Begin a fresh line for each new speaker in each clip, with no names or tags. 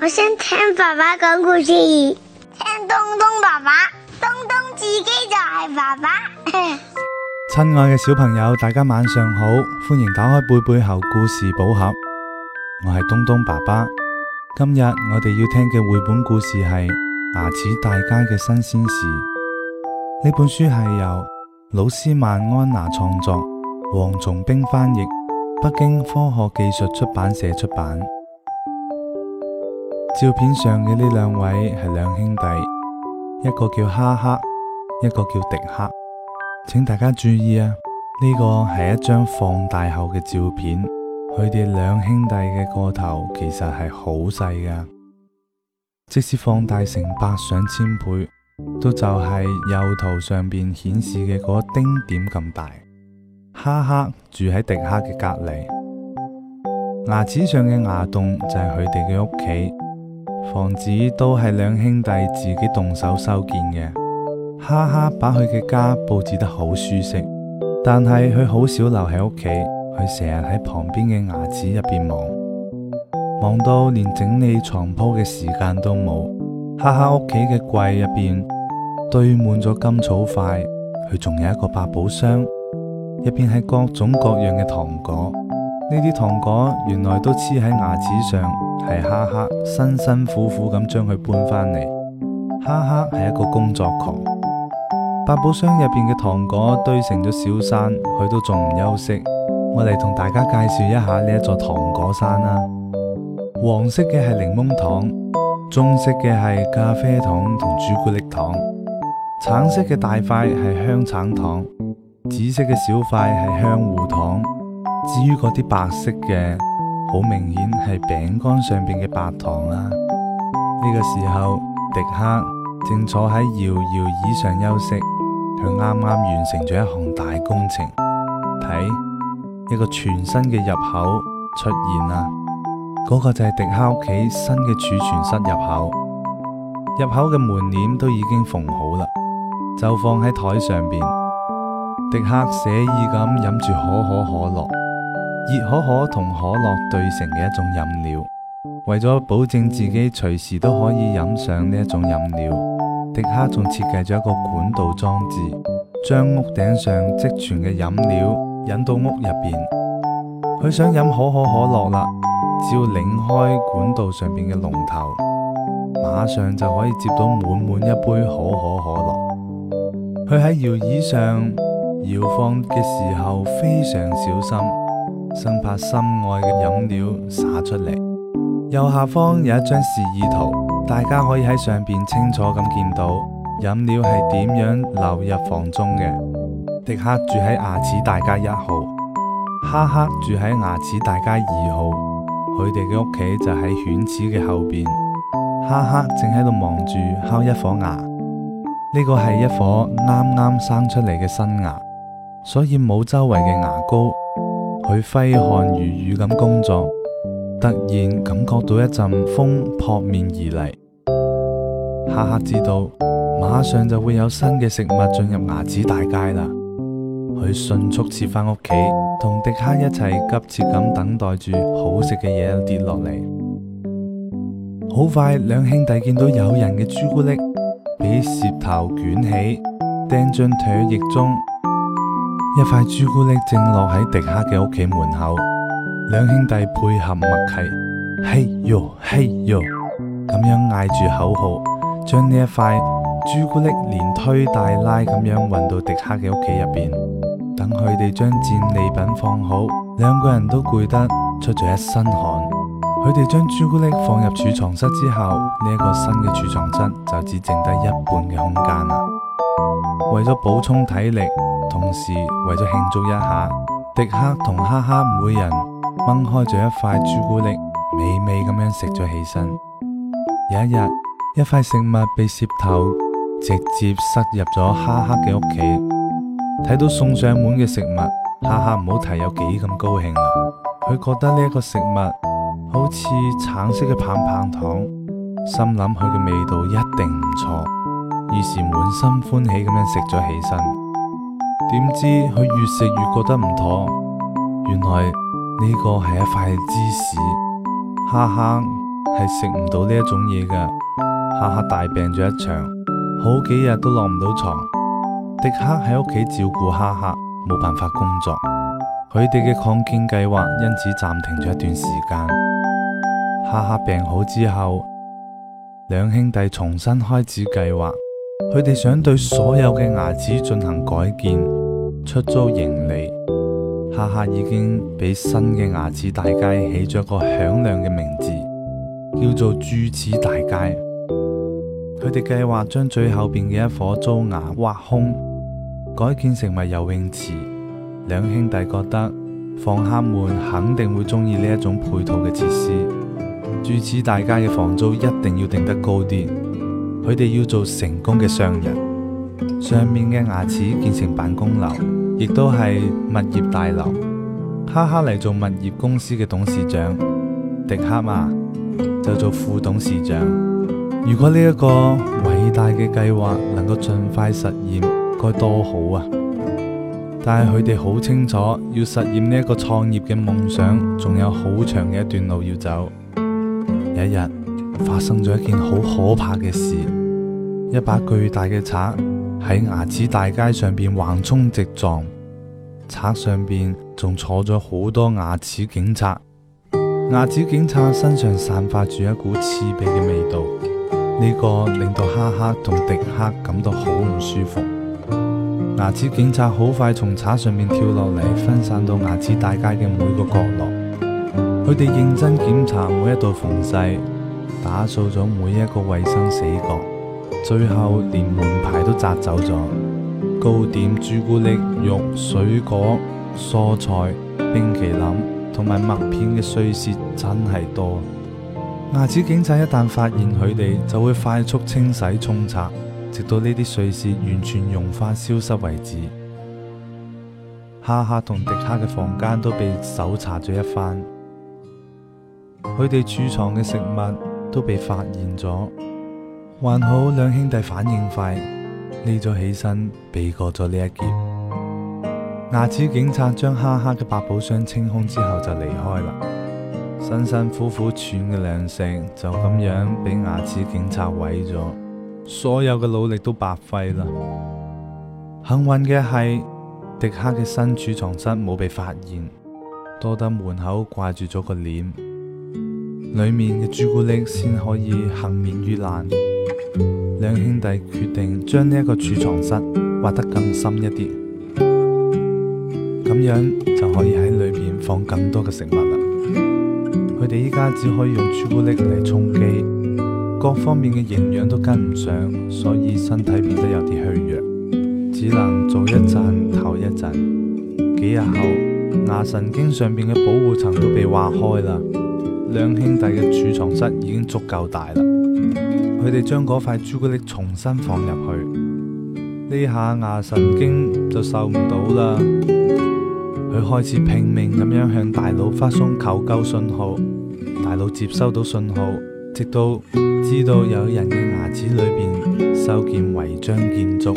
我想聽爸爸講故事，聽東東爸爸，東東自己就係爸爸。 親愛嘅小朋友，大家晚上好，歡迎打開貝貝猴故事寶盒，我係東東爸爸。今日我哋要聽嘅繪本故事係《牙齒大街嘅新鮮事》。呢本書係由魯斯曼安娜創作。王從兵翻譯，北京科學技術出版社出版。照片上嘅呢兩位係兩兄弟，一個叫哈克，一個叫迪克。請大家注意啊，呢個係一張放大後嘅照片，佢哋兩兄弟嘅個頭其實係好細噶，即使放大成百上千倍，都就係右圖上邊顯示嘅嗰丁點咁大。哈克住喺迪克嘅隔籬，牙齒上嘅牙洞就係佢哋嘅屋企，房子都係兩兄弟自己動手修建嘅。哈克把佢嘅家布置得好舒適，但係佢好少留喺屋企，佢成日喺旁邊嘅牙齒入邊忙，忙到連整理床鋪嘅時間都冇。哈克屋企嘅櫃入邊堆滿咗甘草塊，佢仲有一個百寶箱。入邊係各種各樣嘅糖果，呢啲糖果原來都黐喺牙齒上，係哈克辛辛苦苦咁將佢搬翻嚟。哈克係一個工作狂，百寶箱入邊嘅糖果堆成咗小山，佢都仲唔休息。我嚟同大家介紹一下呢一座糖果山啦。黃色嘅係檸檬糖，棕色嘅係咖啡糖同朱古力糖，橙色嘅大塊係香橙糖。紫色嘅小塊係香芋糖，至於嗰啲白色嘅，好明顯係餅乾上邊嘅白糖啦、啊。呢、這個時候，迪克正坐喺搖搖椅上休息，佢啱啱完成咗一項大工程。睇，一個全新嘅入口出現啦，嗰、那個就係迪克屋企新嘅儲存室入口。入口嘅門簾都已經縫好啦，就放喺台上邊。迪克寫意咁飲住可可可樂，熱可可同可樂兌成嘅一種飲料。為咗保證自己隨時都可以飲上呢一種飲料，迪克仲設計咗一個管道裝置，將屋頂上積存嘅飲料引到屋入邊。佢想飲可可可樂啦，只要擰開管道上邊嘅龍頭，馬上就可以接到滿滿一杯可可可樂。佢喺搖椅上。搖晃嘅時候非常小心，生怕心愛嘅飲料灑出嚟。右下方有一張示意圖，大家可以喺上邊清楚咁見到飲料係點樣流入房中嘅。迪克住喺牙齒大街一號，哈克住喺牙齒大街二號，佢哋嘅屋企就喺犬齒嘅後邊。哈克正喺度忙住敲一顆牙，呢個係一顆啱啱生出嚟嘅新牙。所以冇周圍嘅牙膏，佢揮汗如雨咁工作。突然感覺到一陣風撲面而嚟，哈克知道馬上就會有新嘅食物進入牙齒大街啦。佢迅速撤返屋企，同迪克一齊急切咁等待住好食嘅嘢跌落嚟。好快，兩兄弟見到誘人嘅朱古力俾舌頭捲起，掟進唾液中。一塊朱古力正落喺迪克嘅屋企門口，兩兄弟配合默契，嘿喲嘿喲，咁樣嗌住口號，將呢一塊朱古力連推帶拉咁樣運到迪克嘅屋企入邊。等佢哋將戰利品放好，兩個人都攰得出咗一身汗。佢哋將朱古力放入儲藏室之後，呢一個新嘅儲藏室就只剩低一半嘅空間啦。為咗補充體力，同時為咗慶祝一下，迪克同哈克每人掹開咗一塊朱古力，美味咁樣食咗起身。有一日，一塊食物被舌頭直接塞入咗哈克嘅屋企，睇到送上門嘅食物，哈克唔好提有幾咁高興啦。佢覺得呢一個食物好似橙色嘅棒棒糖，心諗佢嘅味道一定唔錯，於是滿心歡喜咁樣食咗起身。點知佢越食越覺得唔妥，原來呢個係一塊芝士。哈克係食唔到呢一種嘢噶，哈克大病咗一場，好幾日都落唔到床。迪克喺屋企照顧哈克，冇辦法工作，佢哋嘅擴建計劃因此暫停咗一段時間。哈克病好之後，兩兄弟重新開始計劃。佢哋想對所有嘅牙齒進行改建，出租盈利。下下已經俾新嘅牙齒大街起咗個響亮嘅名字，叫做蛀齒大街。佢哋計劃將最後面嘅一顆租牙挖空，改建成為游泳池。兩兄弟覺得房客們肯定會中意呢一種配套嘅設施。蛀齒大街嘅房租一定要定得高啲。佢哋要做成功嘅商人，上面嘅牙齒建成辦公樓，亦都係物業大樓。哈克嚟做物業公司嘅董事長，迪克嘛就做副董事長。如果呢一個偉大嘅計劃能夠盡快實現，該多好啊！但係佢哋好清楚，要實現呢一個創業嘅夢想，仲有好長嘅一段路要走。有一日發生咗一件好可怕嘅事。一把巨大嘅刷喺牙齒大街上邊橫衝直撞，刷上邊仲坐咗好多牙齒警察。牙齒警察身上散發住一股刺鼻嘅味道，呢、這個令到哈克同迪克感到好唔舒服。牙齒警察好快從刷上面跳落嚟，分散到牙齒大街嘅每個角落。佢哋認真檢查每一道縫隙，打掃咗每一個衛生死角。最後連門牌都摘走咗。糕點、朱古力、肉、水果、蔬菜、冰淇淋同埋麥片嘅碎屑真係多。牙齒警察一旦發現佢哋，就會快速清洗沖刷，直到呢啲碎屑完全溶化消失為止。哈克同迪克嘅房間都被搜查咗一番，佢哋儲藏嘅食物都被發現咗。還好兩兄弟反應快，匿咗起身避過咗呢一劫。牙齒警察將哈克嘅百寶箱清空之後就離開啦。辛辛苦苦存嘅糧食就咁樣俾牙齒警察毀咗，所有嘅努力都白費啦。幸運嘅係，迪克嘅新儲藏室冇被發現，多得門口掛住咗個簾，裏面嘅朱古力先可以幸免於難。兩兄弟決定將呢一個儲藏室挖得更深一啲，咁樣就可以喺裏面放更多嘅食物啦。佢哋依家只可以用朱古力嚟充飢，各方面嘅營養都跟唔上，所以身體變得有啲虛弱，只能做一陣唞一陣。幾日後，牙神經上邊嘅保護層都被挖開啦，兩兄弟嘅儲藏室已經足夠大啦。佢哋將嗰塊朱古力重新放入去，呢下牙神經就受唔到啦。佢開始拼命咁樣向大腦發送求救信號，大腦接收到信號，直到知道有人嘅牙齒裏邊修建違章建築，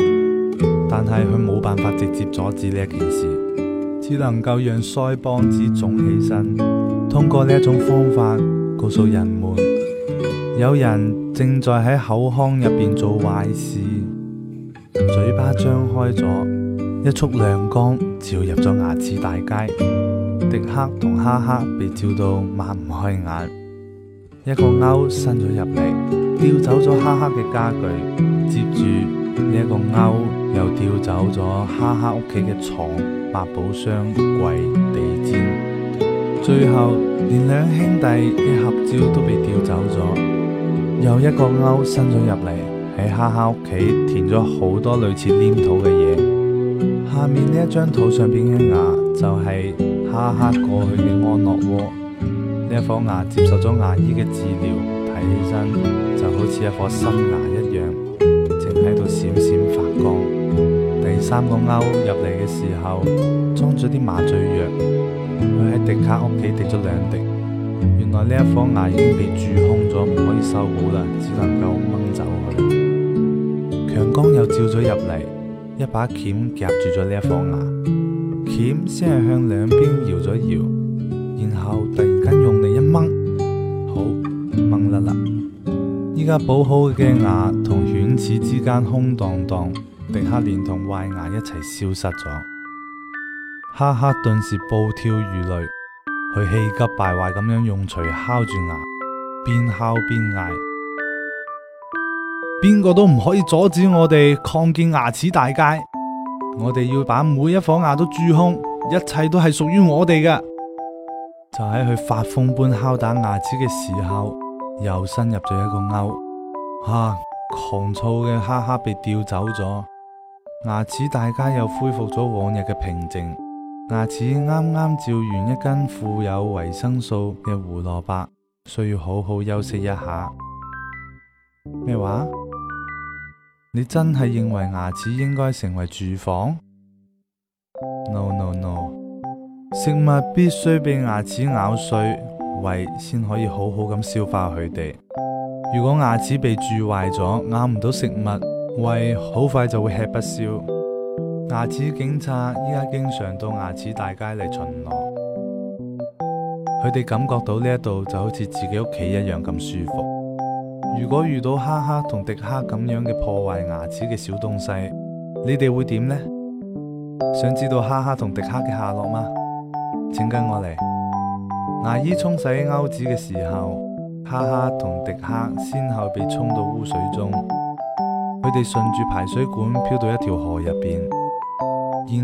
但係佢冇辦法直接阻止呢一件事，只能夠讓腮幫子腫起身，通過呢一種方法告訴人們有人。正在喺口腔入邊做壞事，嘴巴張開咗，一束亮光照入咗牙齒大街， 迪克同哈克被照到擘唔開眼。
一個鈎
伸咗入嚟，吊走咗哈克嘅家具，接住呢一個鈎又吊走咗哈克屋企嘅床、百寶箱、櫃、地氈，最後連兩兄弟嘅合照都被吊走咗。又一個鈎伸咗入嚟，喺哈克屋企填咗好多類似黏土嘅嘢。下面呢一張圖上邊嘅牙就係哈克過去嘅安樂窩。呢一顆牙接受咗牙醫嘅治療，睇起身就好似一顆新牙一樣，正喺度閃閃發光。第三個鈎入嚟嘅時候，裝咗啲麻醉藥，佢喺迪克屋企滴咗兩滴。原來呢一顆牙已經被蛀空咗，唔可以修補啦，只能夠掹走佢。強光又照咗入嚟，一把鉗夾住咗呢一顆牙，鉗先係向兩邊搖咗搖，然後突然間用力一掹，好，掹甩啦！依家補好嘅牙同犬齒之間空蕩蕩，迪克連同壞牙一齊消失咗，哈克，頓時暴跳如雷。佢氣急敗壞咁樣用錘敲住牙，邊敲邊嗌：邊個都唔可以阻止我哋擴建牙齒大街！我哋要把每一顆牙都蛀空，一切都係屬於我哋嘅。就喺佢發瘋般敲打牙齒嘅時候，又伸入咗一個鈎。吓、啊，狂躁嘅哈克被調走咗，牙齒大街又恢復咗往日嘅平靜。牙齒啱啱嚼完一根富有維生素嘅胡蘿蔔，需要好好休息一下。咩話？你真係認為牙齒應該成為住房？No no no，食物必須被牙齒咬碎，胃先可以好好咁消化佢哋。如果牙齒被蛀壞咗，咬唔到食物，胃好快就會吃不消。牙齒警察依家經常到牙齒大街嚟巡邏，佢哋感覺到呢一度就好似自己屋企一樣咁舒服。如果遇到哈克同迪克咁樣嘅破壞牙齒嘅小東西，你哋會點呢？想知道哈克同迪克嘅下落嗎？請跟我嚟。牙醫沖洗鈎子嘅時候，哈克同迪克先後被沖到污水中，佢哋順住排水管漂到一條河入邊。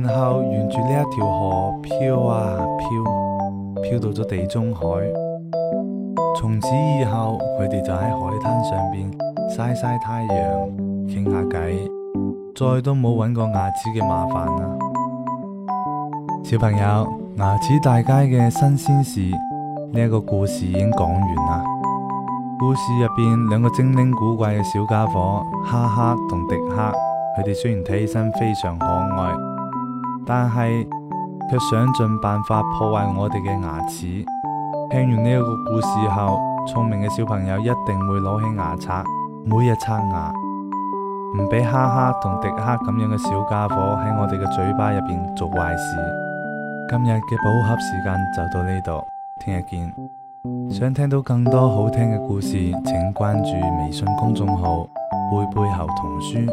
然後沿住呢一條河漂啊漂，漂到咗地中海。從此以後，佢哋就喺海灘上邊曬曬太陽，傾下偈，再都冇搵過牙齒嘅麻煩啦。 小朋友，牙齒大街嘅新鮮事呢一、這個故事已經講完啦。故事入邊兩個精靈古怪嘅小家伙，哈克同迪克，佢哋雖然睇起身非常可愛。但係，卻想盡辦法破壞我哋嘅牙齒。聽完呢一個故事後，聰明嘅小朋友一定會攞起牙刷，每日刷牙，唔俾哈克同迪克咁樣嘅小家伙喺我哋嘅嘴巴入邊做壞事。今日嘅寶盒時間就到呢度，聽日見。想聽到更多好聽嘅故事，請關注微信公眾號《貝貝猴童書》。